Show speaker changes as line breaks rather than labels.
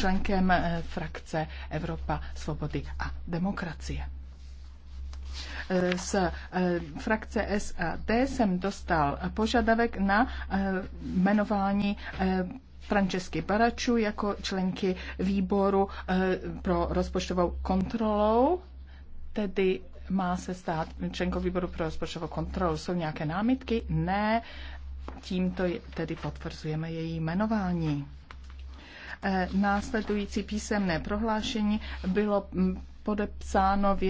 členkem eh, frakce Evropa svobody a demokracie. Eh, z eh, frakce SAD jsem dostal požadavek na jmenování Francesky Baraču jako členky výboru pro rozpočtovou kontrolou, tedy má se stát členkou výboru pro rozpočtovou kontrolu. Jsou nějaké námitky? Ne. Tímto tedy potvrzujeme její jmenování. Eh, následující písemné prohlášení bylo mm, podepsáno věc